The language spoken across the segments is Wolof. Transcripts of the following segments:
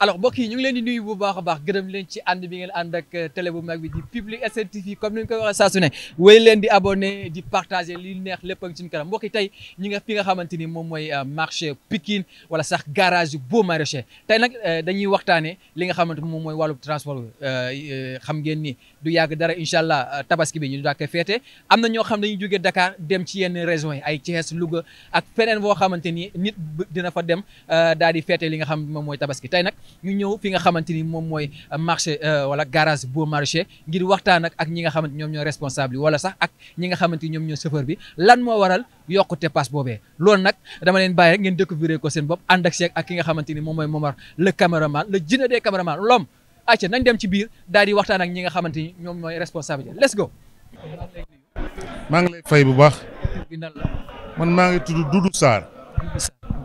alors mbokk yi ñu ngi leen di nuyu bu baax a baax gërëm leen ci ànd bi ngeen ànd ak uh, télé bu mag bi di Public SN TV ni ñu koy waxee saa su ne leen di abonné di partager li neex lépp ak suñu kanam mbokk yi tey ñi nga fi nga xamante ni moom mooy uh, marché Pikine wala sax garage Beaux Maraîchers tey nag uh, dañuy waxtaanee li nga xamante moom mooy wàllu transport xam ngeen ni du yàgg dara incha allah euh, tabaski bi ñu dàkk feete am na ñoo xam ne dañuy jógee Dakar dem ci yenn régions yi ay Thiès Louga ak feneen boo xamante ni nit dina fa dem euh, daal di feete li nga xam moom mooy tabaski tey nag ñu ñëw fi nga xamante ni moom mooy euh, marché wala garage beau marché ngir waxtaan ak ñi nga xamante ñoom ñoo responsable wala sax ak ñi nga xamante ñoom ñoo chauffeur bi lan moo waral yokkute pass boobee loolu nag dama leen bàyyi rek ngeen découvrir ko seen bopp ànd ak ki nga xamante ni moom mooy Momar le caméraman le djinn des caméramans acca nañ dem ci biir daal di waxtaan ak ñi nga xamante ni ñoom ñooy responsable let's go. maa ngi lay fay bu baax. man maa ngi tudd Doudou Sarr.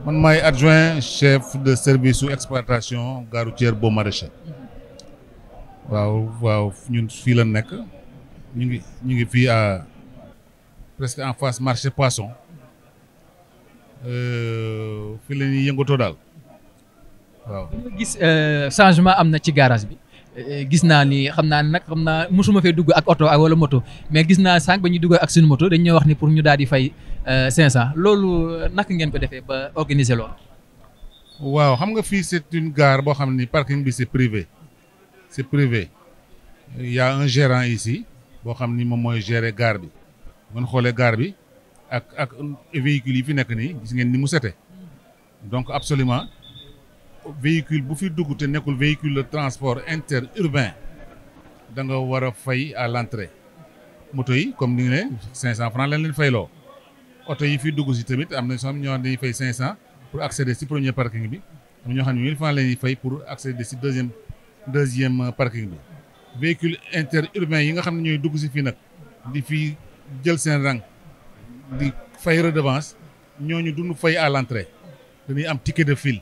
man maay adjoint chef de service su exploitation gare boo Baux waaw waaw ñu fii la nekk. ñu ngi ñu ngi fii à presque en face marché poison euh, fii lañuy ñuy yëngatoo daal. waaw gis euh, changement na ci garage bi euh, gis na ni xam naa nag xam naa dugg ak oto ak wala moto mais gis na sànq ba ñuy dugg ak suñu moto dañ ñoo wax ni pour ñu daal di fay 500 euh, loolu naka ngeen ko defee ba organiser loolu. waaw xam nga fii c'est une gare boo xam parking bi c'est privé c'est privé il y a un gérant ici boo xam ni moom gérer gare bi gare bi ak ak véhicules yi fi nekk nii gis ngeen ni mu sete donc absolument véhicule bu fi dugg te nekkul véhicule de transport interurbain da nga war a fay à l'entrée moto yi comme ni nga ne cinq francs lañ leen fayloo oto yi fi dugg si tamit am na soo ñoo dañuy fay 500 cent pour accéder si premier parking bi am ñoo xam ne mille francs la fay pour accéder si deuxième deuxième parking bi véhicule interurbain yi nga xam ne ñooy dugg si fii nag di fi jël seen rang di fay redevance ñooñu duñu fay à l'entrée dañuy am ticket de file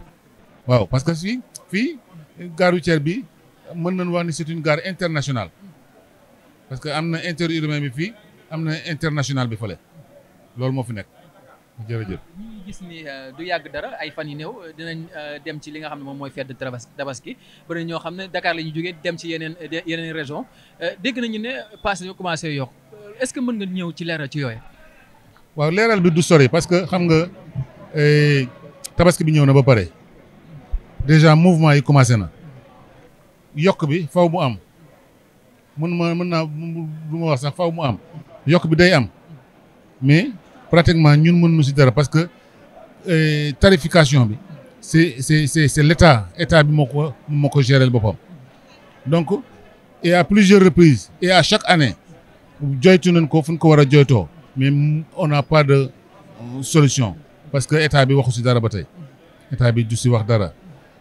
waaw parce que si fii gare routière bi mën nañu wax ni c'est une gare internationale parce que am na interurbain bi fii am na international bi fële loolu moo fi nekk jërëjëf. ñu ngi gis ni euh, du yàgg dara ay fan yi néew dinañ euh, dem ci li nga xam ne moom mooy fête de tabaski bëri na ñoo xam ne Dakar la ñu jógee dem ci yeneen yeneen région euh, dégg nañu ne passé ñu commencé yokk est-ce que mën nga ñëw ci leeral ci yooyu. waaw leeral bi du sori parce que xam nga eh, tabaski bi ñëw na ba pare déjà mouvement est commencé na Il am qui ont mais pratiquement ñun ne nous dara parce que euh, tarification c'est c'est c'est l'état qui bi moo donc à plusieurs reprises et à chaque année mais on n'a pas de euh, solution parce que l'État a waxu si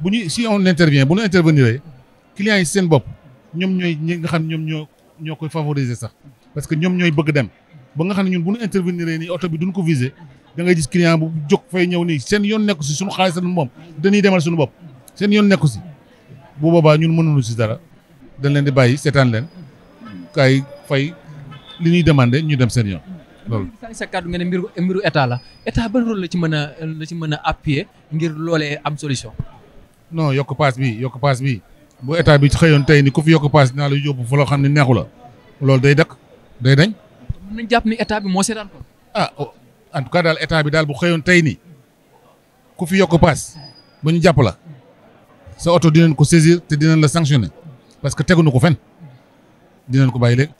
bu ñu si on intervient bu ñu intervenir clients yi seen bopp ñoom ñooy ñi nga xam ñoom ñoo ñoo koy favoriser sax parce que ñoom ñooy bëgg dem ba nga xam ne ñun bu nu intervenir nii oto bi duñ ko viser da ngay gis client bu jóg fay ñëw nii seen yoon nekku si suñu xaalis ak moom dañuy demal suñu bopp seen yoon nekku si bu boobaa ñun mënuñu si dara dañ leen di bàyyi seetaan leen kay fay li ñuy demandé ñu dem seen yoon. loolu sànni sa kàddu nga ne mbiru mbiru état la état ban la ci mën a la ci mën a appuyer ngir loolee am solution. non yokk paas bi yokk paas bi bu état bi xëyoon tey ni ku fi yokk paas dinaa la yóbbu fa loo xam ne neexu la loolu day dakk day dañ. mën nañ jàpp ni état bi moo seetaan ko. ah oh, en tout cas daal état bi daal bu xëyoon tey ni ku fi yokk paas ba ñu jàpp la sa oto dinañ ko saisir te dinañ la sanctionner parce que teguñu ko fen dinañ ko bàyyi léegi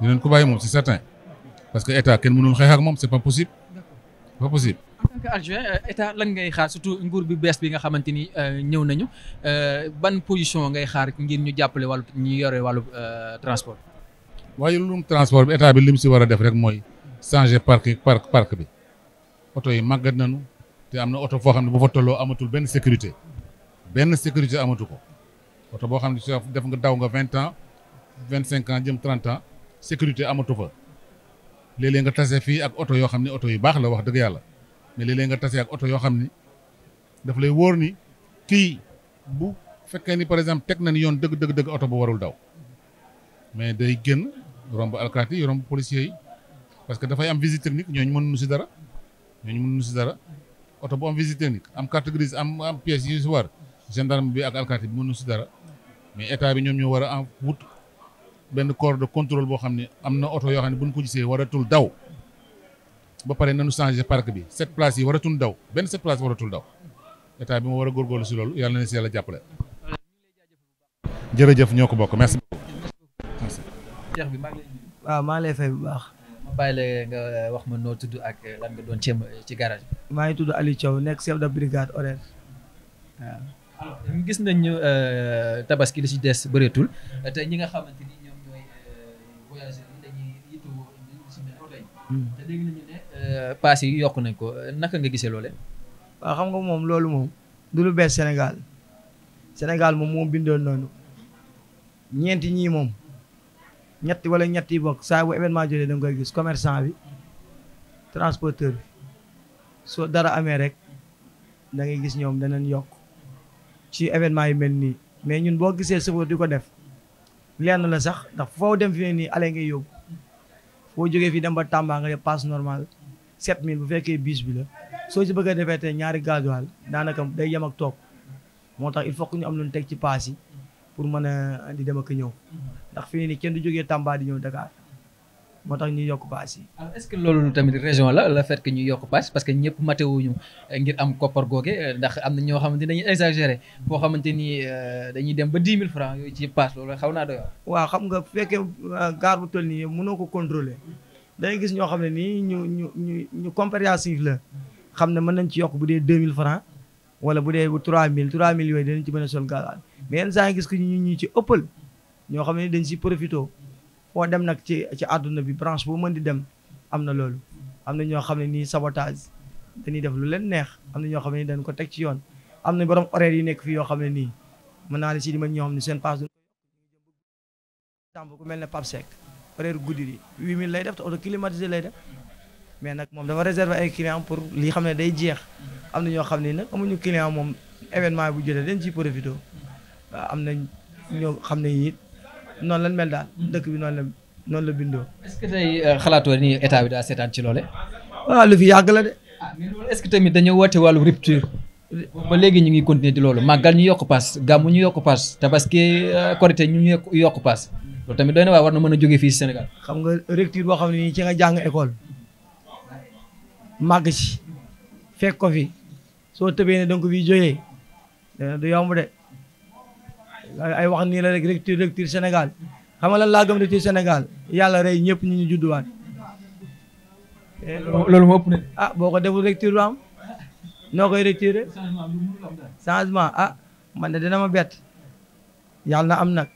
dinañ ko bàyyi moom c'est certain parce que état kenn mënul xeex ak moom c'est pas possible pas possible. en tant que adjoint état lan ngay xaar surtout nguur bi bees bi nga xamante ni euh, ñëw nañu euh, ban position ngay xaar ngir ñu jàppale wàllu ñi yore wàllu euh, transport. waaye loolu transport bi état bi lim si war a def rek mooy changer parc parc parc bi oto yi màggat nañu te am na oto foo xam ne bu fa tolloo amatul benn sécurité benn sécurité amatu ko oto boo xam ne def nga daw nga vingt ans vingt cinq ans jëm trente ans sécurité amatu fa léeg-léeg nga tase fii ak oto yoo xam ne oto yu baax la wax dëgg mais nga tase ak oto yoo xam ni daf lay wóor ni kii bu fekkee ni par exemple teg na ni yoon dëgg dëgg dëgg oto bu warul daw mais day génn romb alkaati yi romb policiers yi parce que dafay am visite technique ñooñu mënuñu si dara ñooñu mënuñu si dara oto bu am visite technique am carte grise am am pièces yi si war gendarme bi ak alkaati bi mënu si dara mais état bi ñoom ñoo war a am wut benn corps de contrôle boo xam ne am na oto yoo xam ne buñ ko gisee waratul daw. ba pare nanu changé parc bi sept places yi waratul daw benn sept places waratul daw état bi ma war a góorgóorlu si loolu yàlla na si yàlla jàppale. jërëjëf ñoo ko bokk merci beaucoup. bi maa ah, maa lay fay bu baax. ma bàyyi la nga wax ma noo tudd ak lan nga doon ceeb ci garage bi. maa ngi tudd Aliou Thiaw nekk chef de brigade horaire ah. euh, waaw. li ci des bëreetul te Pas yi yokku nañ ko naka nga gisee loole. waaw xam nga moom loolu moom du lu bees Sénégal Sénégal moom moo bindoon noonu ñeenti ñii moom ñetti wala ñetti bokk saa bu événement jotee da nga koy gis commerçant bi transporteur bi soo dara amee rek da ngay gis ñoom danañ yokk ci événement yu mel nii mais ñun boo gisee sëfoor di ko def lenn la sax ndax foo dem fi ne nii ale ngay yóbbu foo jógee fi dem ba Tamba nga passe normal 7000 bu fekkee bus bi la soo ci bëggee defee te ñaari gasoil daanaka day yem toog moo tax il faut que ñu am lu ñu teg ci paas yi pour mën a di dem ak ñëw ndax fii nii kenn du jógee Tamba di ñëw Dakar moo tax ñu yokk paas yi. alors que loolu tamit ñu euh, ngir am koppar googe euh, ndax am ñoo xamante ni dañuy exagérer foo xamante ni euh, dañuy dem ba 10 000 francs yooyu ci paas loolu xaw naa doy waaw xam nga fekkee gaar bu toll nii mënoo ko contrôler dangay gis ñoo xam ne nii ñu ñu ñu ñu compréhensif la xam ne mën nañ ci yokk bu dee 2000 francs wala bu dee bu 3000 3000 yooyu dinañ ci mën a sol gaal mais yenn saa yi gis ko ñu ñu ci ëppal ñoo xam ne dañ si profité foo dem nag ci ci àdduna bi branche boo mën di dem am na loolu am na ñoo xam ne nii sabotage dañuy def lu leen neex am na ñoo xam ne dañ ko teg ci yoon am na borom horaire yi nekk fii yoo xam ne nii mën naa la si di ma ñoo xam ne seen passe du exemple ku mel ne Pape Seck horaire guddi yi huit mille lay def te auto climatisé lay def mais nag moom dafa réserver ay client pour li xam ne day jeex am na ñoo xam ne nag amuñu client moom événement bu jëlee dañ ciy profité waaw am na ñoo xam ne it noonu lañ mel daal dëkk bi noonu la noonu la bindoo. est-ce que tey euh, ni état bi daa seetaan ci loole waaw yàgg la de. Ah, est-ce que tamit dañoo woote wàllu rupture. ba léegi ñu ngi continuer di loolu màggal ñu yokk paas gàmmu ñu yokk paas tabaski euh, korite ñu yokk paas. loolu tamit doy na waaye war na mën a jógee fii si Sénégal. nga recteur boo xam ne nii ci nga jàng école màgg ci fekk ko fi soo tëbee ne donc bi jógee eh, du yomb de ay wax nii la rek recteur recteur Sénégal xam nga lan laa gëm recteur Sénégal yàlla rey ñëpp ñu ñu judduwaat. Eh, oh, loolu moo ëpp ne ah, boo ko deful recteur ba am noo koy recteur changement ah man de dina ma bett yàlla na am nag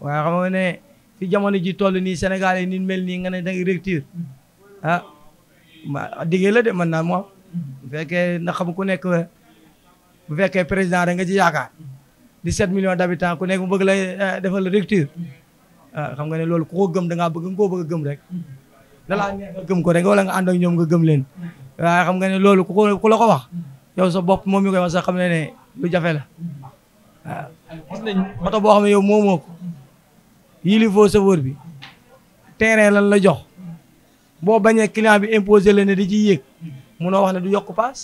waaye xam ne. fi jamono ji tollu ni senegal ni mel ni nga ne da rupture mm. ah ma diggee la de man na mo bu na xam ku nek bu fekkee président nga ci yaakaar 17 millions d'habitants ku nek bu bëgg lay eh, defal rupture ah xam nga ne lolou ko gëm da ngaa bëgg nga koo bëgg a gëm rek mm. dalaa la nga gëm ko rek wala nga ànd ak ñoom nga gëm leen mm. waaye xam nga ne lolou ku ko ku la ko wax yow sa bop mom mi koy wax sa xam ne ne lu jafé la waaw xam ah. nañ oto bo xam ne yow momoko yilifoo chauffeur bi terrain lan la jox boo bañee client bi imposé la ne di ci yéeg munoo wax ne du yokk paas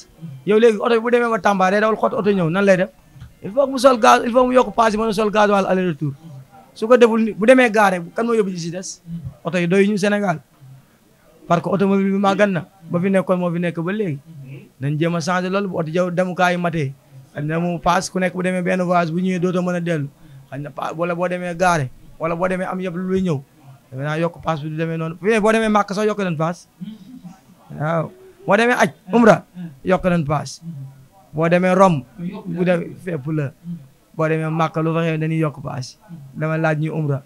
yow léegi oto bu demee ba Tamba day dawal xot oto ñëw nan lay def il faut mu sol gaz il faut mu yokk paas yi mën a sol gaz wala aller retour su bu demee gaare kan moo yóbbu ci si des oto yi ñu Sénégal parce que automobile bi màggat na ba fi nekkoon moo fi nekk ba léegi nañ jéem a changé loolu bu oto jaw demukaay matee xam ne mu paas ku nekk bu demee benn voyage bu ñëwee dootoo mën a boo demee gaare wala boo demee am yëpp lu luy ñëw deme yokk paas bu du demee noonu fi boo demee màkk sax yokk nañ paas boo demee aj umra yokk nañ paas boo demee rom bu de fépp la boo demee màkk lu fa xew dañuy yokk paas dama laaj ñuy umra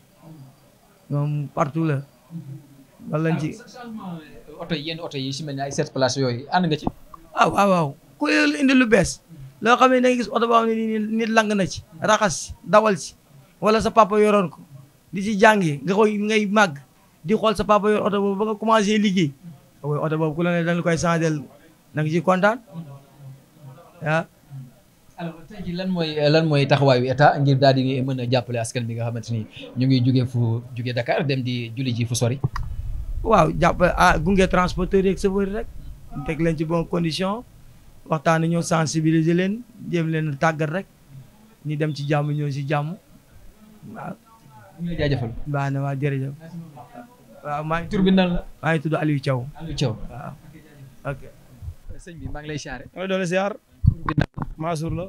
moom partout la loolu lañ ci oto yi yenn yi si ay sept places yooyu ànd nga ci waaw ah, waaw waaw ku indi lu bees loo xam ne da gis oto boo nit lang na ci raxas dawal si wala sa papa yoroon ko di si jàngi nga koy ngay màgg di xool sa papa yor oto boobu ba nga commencé liggéey oto boobu ku la ne dañ koy sandel nag nga kontaan ah. lan mooy lan mooy taxawaayu état ngir daal di mën a jàppale askan bi nga xamante ni ñu ngi jugee fu jóge Dakar dem di julli ji fu sori. waaw jàppale ah gunge transporteur sa chauffeur rek teg leen ci bonne condition waxtaan ñoo sensibiliser leen jéem leen tàggat rek ñu dem ci jàmm ñëw si jàmm ñu lay jaajëfal. baax na waa jërëjëf. waaw maa ngi tur bi nan la. maa ngi tudd Aliou Thiaw. waaw. ok sëñ bi maa ngi lay siyaare. maa ngi la siyaar. Mansour la.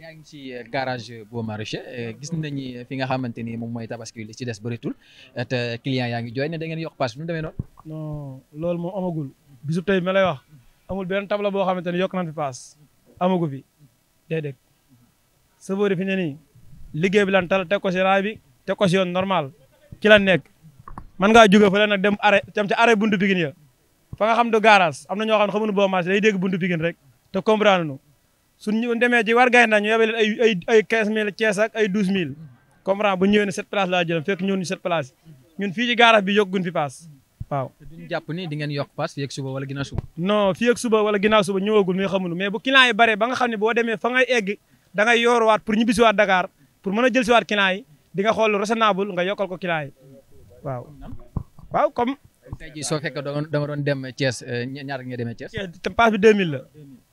yaa ngi ci euh, garage Baux Maraîchers euh, gis nañu fi nga xamante ni moom mooy tabaski li ci des bëreetul te client yaa ngi jooy ne da ngeen yokk paas bi nu mu demee noonu. loolu moom amagul bisu tey bi ma lay amul benn tableau boo xamante ni yokk nañ fi paas amagu fi déedéet. chauffeur yi fi ne nii liggéey bi lan tal teg ko si raay bi teg ko si yoon normal ci la nekk man ngaa jóge fa nag dem dem ci arrêt suba wala ginnaaw suba non fii ak suba wala ginnaaw bu client yi bare ba nga xam ne boo demee fa ngay egg da nga yor wat pour ñibbi wat Dakar pour mëna jël ci wat yi di nga xool raisonnable nga yokal ko client waaw. waaw comme. tay ji so fekk da nga don dem Thiès eh, ñaar nga dem Thiès. te pass bi 2000 la.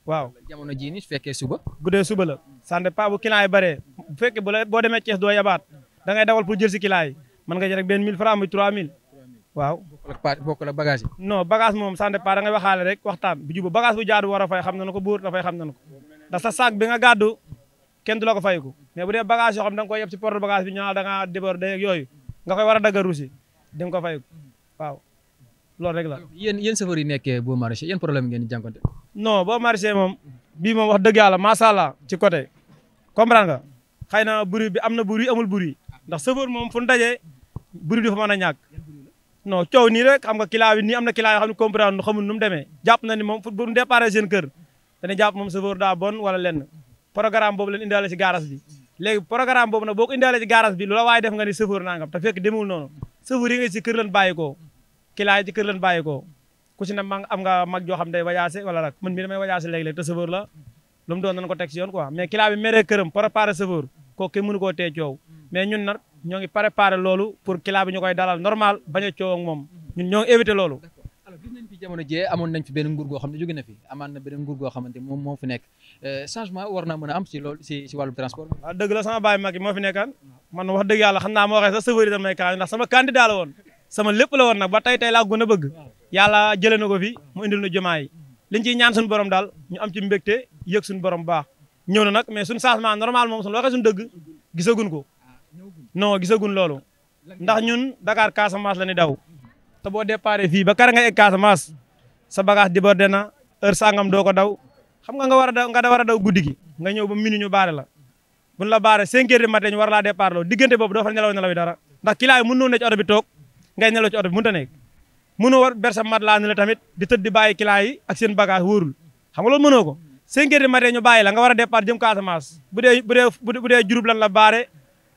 waaw jamono ji ni fekke suba. gude suba la. ça ne pas bu client bare bëree bu fekkee bu la boo demee Thiès doo yabaat da ngay dawal pour jël ci client man nga ci rek 1000 francs muy 3000. waaw bokk la bokk la bagage non bagage mom ça ne pas da nga waxale rek waxtan bi juba bagage bu jaadu wara fay xam nañu ko da fay xam nañu ko ndax sa sac bi nga gaddu kenn du la ko fayiku mais bu dee bagage yoo xam da yeb ci porte bagage bi ñaa da ngaa débordé ak yooyu nga koy war a dagga ruusi di nga ko fayiku waaw loolu rek la. yéen yéen chauffeur yi nekkee boo marché yéen problème ngeen di jànkonte. non boo marché moom bii moom wax dëgg yàlla macha allah ci côté comprendre nga na bruit bi am na bruit amul bruit ndax chauffeur moom fu mu dajee bruit du fa mën a ñàkk non coow nii rek xam nga kilaa bi nii am na kilaa yoo xam ne comprendre xamul nu jàpp na ni moom bu départ seen kër dana jàpp moom chauffeur daa bon wala lenn programme boobu leen indaale ci garage bi léegi programme boobu nag boo ko indaale ci garage bi loola waaye def nga ni chauffeur nangam te fekk demul noonu chauffeur yi nga ci kër lañ bàyyi koo client yi ci kër ku ci ne ma am nga mag joo xam day wajaase wala rak man mi damay wajaase léeg-léeg te chauffeur la lu mu doon nañ ko teg ci yoon quoi mais client bi meree këram préparé chauffeur kooku kenn mënu koo tee coow mais ñun nag ñoo ngi préparé loolu pour client bi ñu koy dalal normal bañ a coow ak moom ñun ñoo ngi alors gis nañ fi jamono jee amoon nañ fi benn nguur goo xam ne jóge na fi amaan na benn nguur goo xamante moom moo fi nekk euh, changement war naa mën a am si loolu si si transport waaw dëgg la sama baay mag yi fi nekkaan man wax dëgg yàlla ma waxee sax safari damay kaa ndax sama candidat la woon sama lépp la woon nag ba tey a bëgg jële na ko fi mu indil na jumaa yi liñ ciy ñaan suñu borom daal am ci mbégte yëg suñu borom baax ñëw na nag mais suñu changement normal moom suñu waxee suñu dëgg gisagun ko ah, non gisagun loolu ndax ñun Dakar Casamance la ni daw te bo déparé fi ba kar nga egg mas sa bagage débordé na heure sangam do ko daw xam nga nga wara daw nga da wara daw guddigi gi nga ñew ba minu ñu baré la buñ la baré 5h du matin ñu war laa départ lo digënté bobu do fa ñalaw nelaw yi dara ndax kilaayi mën noo ne ci oto bi toog ngay nelaw ci oto bi mënu ta nekk war bersa mat la ne la tamit di teud di baye kilaa ak seen bagage wërul xam nga lo ko cinq du matin ñu baye la nga wara départ jëm Casamance bu dee bu jurub bu lan la baré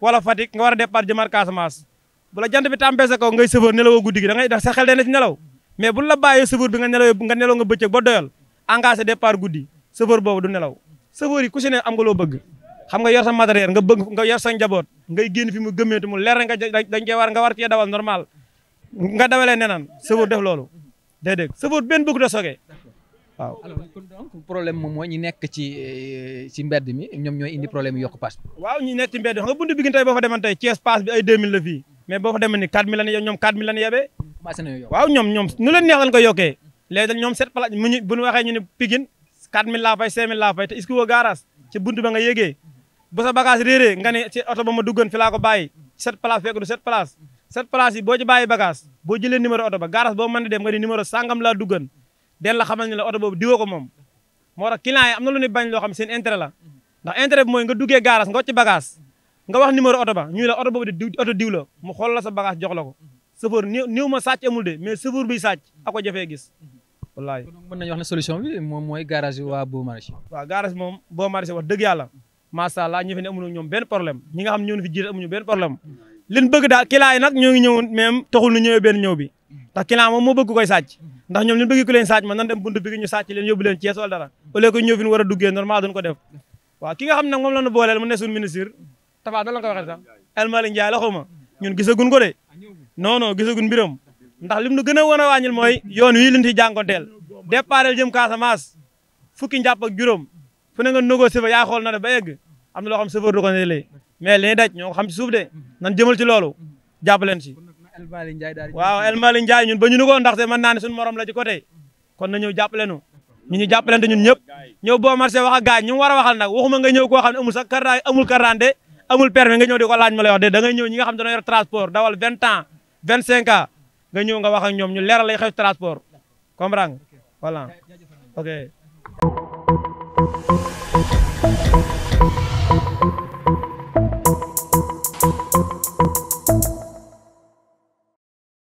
wala fatik nga wara départ Casamance bula jant bi tàmbee sa ko ngay sëfër nelaw guddi gi da ngay sa xel dana ci nelaw mais bula baye bàyyee bi nga nelaw nga nelaw nga bëccëg ba doyal engagé départ guddi sëfër bobu du nelaw sëfër yi ku ci ne am nga lo bëgg xam nga yor sa matériel nga bëgg nga yor sa njabot ngay genn fi mu gëmmeetu mu lér nga dañ ci war nga war ci dawal normal nga dawalé nenaan sëfër def loolu déedéet sëfër ben bëgg da sogee waaw alors kon donc problème moom mooy ñi nekk ci euh, ci mbedd mi ñoom ñooy indi problème yokk paas bi waaw ñi nekk ci mbedd nga buntu bi gin tey boo fa deman tey Thiès bi ay 2000 la fii mais boko demé ni 4000 millions ñom 4000 millions yabé waaw ñom ñom ñu leen neex lañ ko yoké léegi dañ ñoom set place mu ñu bu ñu waxee ñu ne Pikine 4000 la fay 5000 la fay te est-ce que woo garage ci buntu ba nga yégué bu sa bagage réré nga ne ci auto ba ma duggan fi la ko bayyi set place fekk du set place set place yi boo ci bayyi bagage bo jëlé numéro auto ba garage bo mën dem nga ni numéro sangam la duggan den la xamal ni la auto boobu diwoo ko moom moo tax client yi amna lu ni bañ lo xam seen intérêt la ndax intérêt moy nga duggé garage nga ci bagage nga wax numéro auto ba ñu la auto bobu auto diw la mu xol la sa bagage jox la ko mhm. chauffeur néew ma sacc amul de mais chauffeur bi sacc ako jafé gis mhm. wallahi mën nañ wax na solution bi mom moy garage wa Bo marché wa garage mom Bo marché wax deug yalla ma sha allah ñu fi ne amuñu ñoom benn problème ñi nga xam ñu fi jiite amuñu ben problème mhm. liñ bëgg da client yi nag ñoo ngi ñëwoon même taxul ñu ñëwee ben ñëw bi ndax client mom mo bëgg koy sacc ndax ñom liñ bëgg ku leen sacc man nañ dem buntu bi ñu sacc leen yobul leen ci wala dara au lieu que ñëw fi wara duggé normal duñ ko def wa ki nga xam nak mom la ñu booleel mu ne suñu ministre Tafa nan la ko waxee sax El Malick Ndiaye la xaw ma ñun gisaguñ ko de non non gisaguñ mbiram ndax lim nu gën a wan a wàññil mooy yoon wii liñ ci jànkonteel départel jëm Casamance fukki njàpp ak juróom fu ne nga négocier fa yaa xool na def ba egg am na loo xam chauffeur du ko ne mais li daj ñoo xam ci suuf de nan jëmal ci loolu jàpp leen ci waaw El Malick Ndiaye ñun ba ñu nu ko ndaxte mën naa ne suñu morom la ci côté kon na ñu ñu jàppalante ñun ñëpp ñëw boo marché wax ak gaañ ñu war a waxal nag waxuma nga ñëw koo xam ne amul sax carte amul permis nga ñëw di ko laaj ma lay wax de da ngay ñëw ñi nga xam ne dañoo yor transport dawal vingt ans vingt cinq ans nga ñëw nga wax ok